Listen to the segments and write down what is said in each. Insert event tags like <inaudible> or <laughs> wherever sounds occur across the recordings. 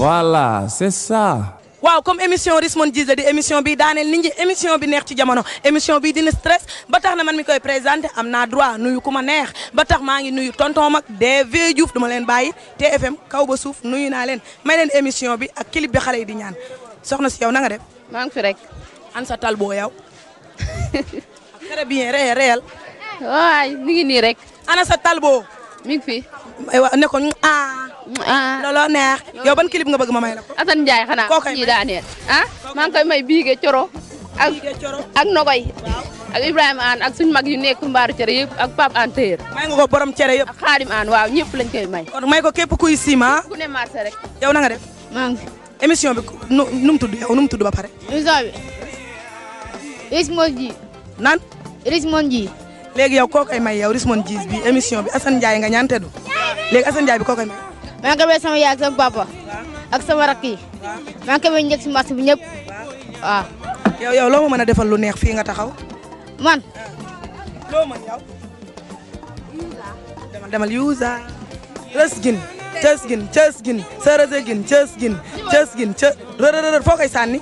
voilà c'est ça. waaw comme émission Rich-mon Djizz di émission bi daaneel nit ñi émission bi neex ci jamono émission bi dina stress ba tax na man mi koy présenté am na droit nuyu ku ma neex ba tax maa ngi nuyu tonton mag DV Diouf duma leen bàyyi TFM kaw ba suuf nuyu naa leen may leen émission bi ak clip bi xale yi di ñaan soxna si yow na nga def. maa ngi fi rek. an sa tal boo yow. <laughs> ngi nii rek. ana sa talboo. mi fi. ne ko ah. na ah. neex yow ban clip nga bëgg ma may ko. Ah? maa ngi koy may biige coro. ak ak Nogoy. ak Ibrahima Aan ak suñu mag yu nekk mbaaru cere yëpp ak Pape Aan Téer. may borom cere yëpp. ak Xaadim Aan waaw ñëpp lañ koy may. kon may ko képp kuy sima. ku ne marché rek. yow na nga def. maa ngi émission bi nu nu mu tudd mu tudd ba pare. émission bi. ji. nan. Rismon ji. léegi yow koo koy may yow ji bi émission bi Assane Ndiaye nga ñaan léegi Assane bi koo koy may. maa ngi koy may sama yaay ak papa. ak sama rakk yi. maa ngi koy may njëkk si marché bi ñëpp waaw. yow yow loo mën a defal lu neex fii nga taxaw. man. loo mën yow. demal demal yuusa. rës gin sa rëse gin cës gin cës gin cë rërërër foo koy sànni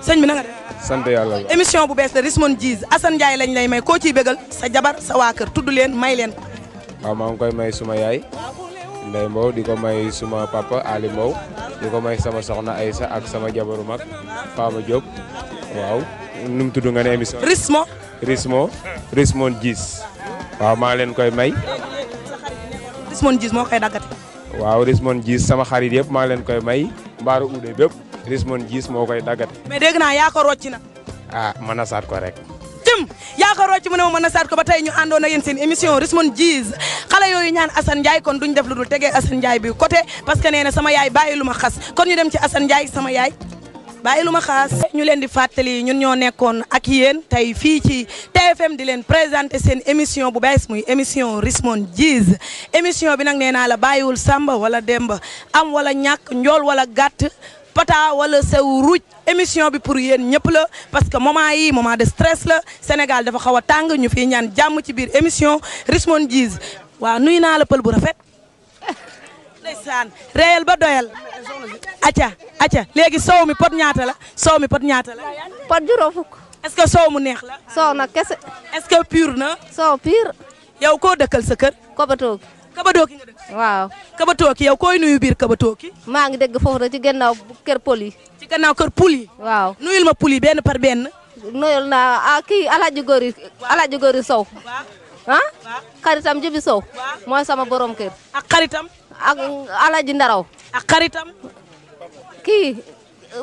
sëñ bi na nga def. émission bu bees la Rich mon djizz Assane lañ lay may koo ciy bégal sa jabar sa waa kër leen may leen ko. waaw maa ngi koy may suma yaay Ndeye Mbow di ko may suma papa Ali Mbow di may sama soxna Aïssa ak sama jabaru mag Fama Diop waaw nu mu tudd nga ne émission Rismo Rismo Rismon waaw maa leen koy may Rismon Gis moo koy daggate waaw Rismon sama xarit yëpp maa leen koy may mbaaru uude bépp Rismon Gis moo koy daggate mais dégg naa yaa ko rocci na ah, ko rek tim yaakaaroo ci mu ma mën a ko ba tey ñu àndoon ak yéen seen émission Rismon Djizz xale yooyu ñaan Assane Ndiaye kon duñ def lu dul tegee Assane Ndiaye bi côté parce que nee na sama yaay bàyyi lu ma xas kon ñu dem ci Assane Ndiaye sama yaay bàyyi lu ma xaas ñu leen di fàttali ñun ñoo nekkoon ak yéen tey fii ci TFM di leen présenté seen émission bu bees muy émission Rismon Djizz émission bi nag nee naa la bàyyiwul Samba wala Demba am wala ñàkk njool wala gàtt pata wala sew ruuj émission bi pour yéen ñëpp la parce que moment yi moment de stress la Sénégal dafa xaw a tàng ñu fiy ñaan jàmm ci biir émission Rich-mon Djizz waaw nuyu naa la pël bu rafet ndeysaan réyal ba doyal acca acca léegi soow mi pot ñaata la sow mi pot ñaata la pot juróom fukk est-ce que sow mu neex la sow na kese est-ce que pur na soow pur yow koo dëkkal sa kër kobatoogi Kabadooki nga dëkk. waaw Kabadooki yow koy nuyu biir Kabadooki. maa ngi dégg foofu rek ci gannaaw kër pël yi. ci gannaaw kër pël yi. waaw nuyul ma pël yi benn par benn. nuyul naa ah kii Alaaji Góori Alaaji Sow. ah xaritam Jibi Sow. mooy sama borom kër. ak xaritam. ak Alaaji Ndaraw. ak kii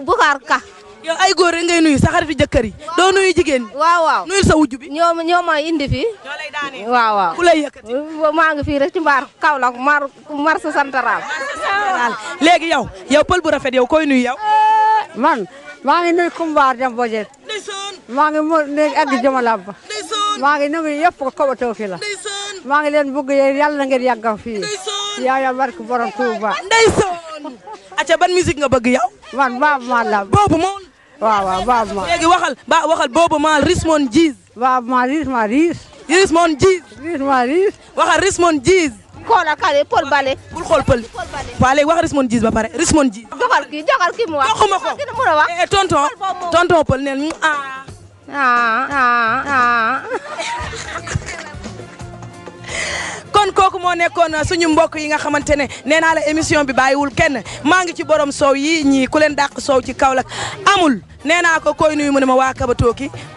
Boucar Ka. yow ay góor rek ngay nuyu sa xaritu jëkkër yi. doo nuyu jigéen ñi. waaw waaw nuyu sa wujj bi. ñoo ma indi fii. ñoo lay daane waaw waaw. ku lay maa ngi fii rek ci mbaar Kaolack mar mar sa santaral. léegi yow yow pël bu rafet yow koy nuyu yow. Eh, man maa ngi nuyu Koumba Demba Dieng. maa ngi mu ne egg maa ngi nuyu yëpp kobatoo fi la. maa ngi leen bëgg yàlla na ngeen yàggaw fii. yaa yaa barke borom Touba. ndeysaan. acca ban musique nga bëgg yow. man Baaba Maal la. waaw waaw Baaba Maal léegi waxal ba waxal boobu Maal Rismon Djiz. Baaba Maal Rismon Djiz. Rismon Djiz. Rismon Djiz. waxal Rismon Djiz. Koola Kale Paul Bale. bul xool Pël. waaw léegi wax Rismon Djiz ba pare Rismon Djiz. joxal kii joxal kii mu wax. joxuma ko tonton tonton Pël neen mu kooku moo nekkoon suñu mbokk yi nga xamante ne nee naa la émission bi bàyyiwul kenn maa ngi ci borom soow yi ñii ku leen dàq soow ci Kaolack amul nee naa ko koy nuyu mu ne ma waa Kabatoki